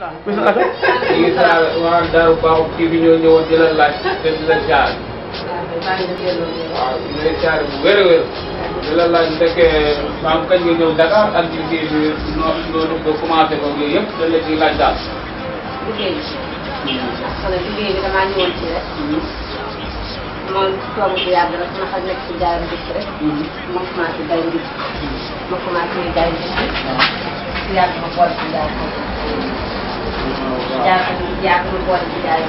lah. Besok lah kan? Kita orang dah bawa TV nyonya dia lah lah dia cari. Dia cari wer wer. Dia lah dia ke काम का ये जो लगा अंतिम के no no को कमाते हो गए ये चले जी ला जा मग स्वामी याद रखना हर नक्की जाए दूसरे मग मासी जाएंगी मग मासी जाएंगी याद मग जाएंगी yaakaar yaakaar mu boole ci jaay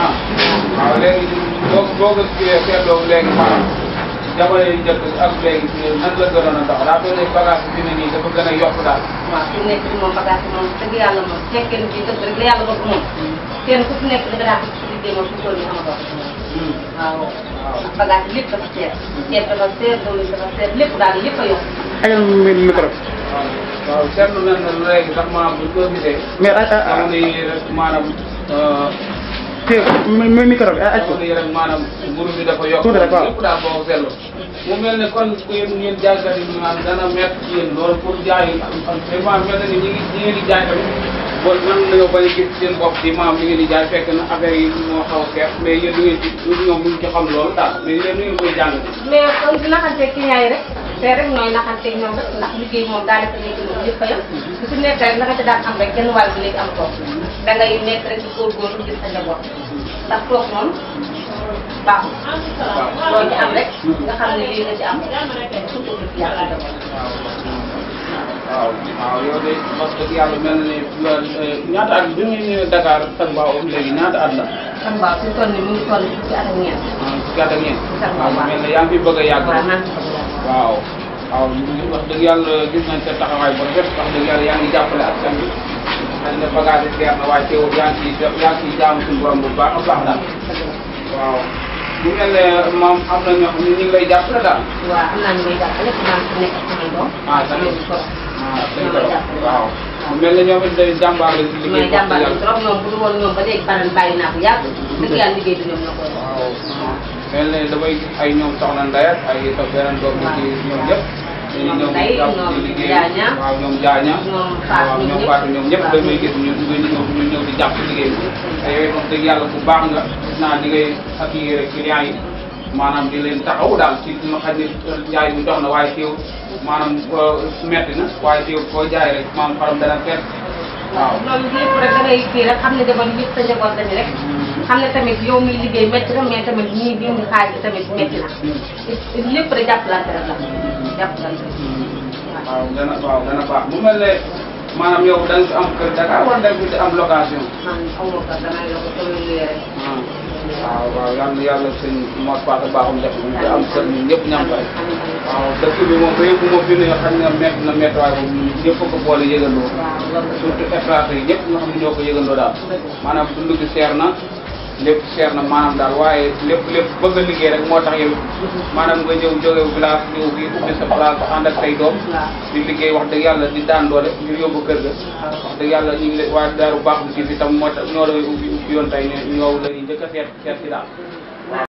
ah waaw léegi boo boo ko kiiwee seetloo léegi maanaam jamono yu njëkk ak léegi nan la gënoon a dox daa doon ne bagage bi ne nii dafa gën a yokk daal. waaw fi mu nekk nii moom bagage bi moom dëgg yàlla moom fekkee ni dëgg rek la yàlla bëgg moom. kenn ku fi nekk dafa daa ko ci liggéey moom fu toll nii xam nga waaw waaw bagage bi lépp dafa seer. ceeb dafa seer dooleem dafa seer lépp daal lépp a yokk. xëy na mu micro. waaw seetlu nañ ne léegi sax maanaam bu ñu ko gisee. mais ay ah, ay ah, ah. amoon nañu rek maanaam. tey muy micro bi ay ay. amoon nañu rek maanaam groupe bi dafa yokk. tuuti rek waaw lépp daal boo ko seetlu. mu mel ne kon ku yéen ngeen jaaykat yi maanaam dana métti ci yéen loolu pour jaay am vraiment mel na ni ñi ngi ñi ngeen di jaay tamit. bon man nañoo bañ a gis seen bopp di maam li ngeen di jaay fekk na affaire yi moo xaw a xeex mais yéen ñu ngi ci ñoom ñu ngi ci xam loolu daal mais yéen ñu ngi koy jàng. mais kon dina xam ne client yi rek. te rek nooy naxante ñoom rek ndax liggéey moom daanaka léegi moom ñëpp a yem bu si nekk rek la nga ca daan am rek genn wàll bi léegi am toog da ngay nekk rek di góorgóorlu gis sa njaboot ndax toog moom baaxul loolu ci am rek nga xam ne lii nga ci am surtout di fi yàlla waaw waaw yow de parce que yàlla mel na ne eh, ñaata at bi ngeen ñëwee Dakar Tamba léegi ñaata at la. Tamba fi mu toll nii mu ngi toll fukki at ak ñeent. Ah, fukki at ak ñeent. waaw ah, mel na yaa ngi fi bëgg a yàgg. waaw waaw wax dëgg yàlla gis nañ sa taxawaay bu rafet wax dëgg yàlla yaa ngi jàppale ak sami xëy na bagage yi seer na waaye teewul yaa ngi ciy yaa ngi ciy jaamu suñu borom bu baax a baax daal waaw bu mel na ñoo xam daal waaw am naa ñu may jàppale commencé ah, ah, waaw mu mel ne ñoom it day jàmbaar la ci liggéey mais jàmbaar la trop ñoom ba léegi banan naa ko yàgg dëgg yàlla liggéey bi ñoom ñoo koy waaw mais léegi damay ay ñoom soxna Ndeye ak ay sa beneen doom ci ñoom ñëpp. ñoom Ndeye ñoom Diagne waaw ñoom Diagne. ñoom Fatou ñoom Fatou ñoom ñëpp damay gis ñu ñëw ñu ñëw di jàpp liggéey bi. te yooyu moom dëgg yàlla bu baax nga gis naa di ngay accueillir client yi maanaam di leen taxaw daal ci li ma xam ne jaay bi dox na waaye teew maanaam euh, metti na waaye teew boo jaay rek maanaam faram dana fekk waaw. loolu lépp rek da ngay kii rek xam ne dafa nit sa njaboot dañu rek. Mm-hmm. xam ne tamit yow miy liggéey métti na mais tamit ñii bind xaalis bi tamit métti na lépp rek jàppalante rek la jàppalante waaw gën a waaw gën a baax bu mel ne maanaam yow da nga fi am kër Dakar wala da nga fi am location. man aw ma kër damay loko damay luye rek. Ah, waaw waaw yal na yàlla sëñ Mor Fatou baaxum def ñu ngi am kër ñun ñëpp ñam koy. waaw dëkk bi moom ba yëpp moom fi mu ne xam ne métti na métti waaye boobu ñun ñëpp ko boole yëgandoo. surtout étranger yi ñëpp nga xam ne ñoo ko yëgandoo daal. maanaam dund gi seer na. lépp cher na maanaam daal waaye lépp lépp bëgg a liggéey rek moo tax yow maanaam nga ñëw jóge village ñëw fii ubbi sa place ànd ak liggéey wax dëgg yàlla di daan doole ngir yóbbu kër ga wax dëgg yàlla ñu ngi waa daaru baax bi gis itam moo tax ñoo la ubbi ubbi yoon tey ñoo la ñuy a seet seet si daal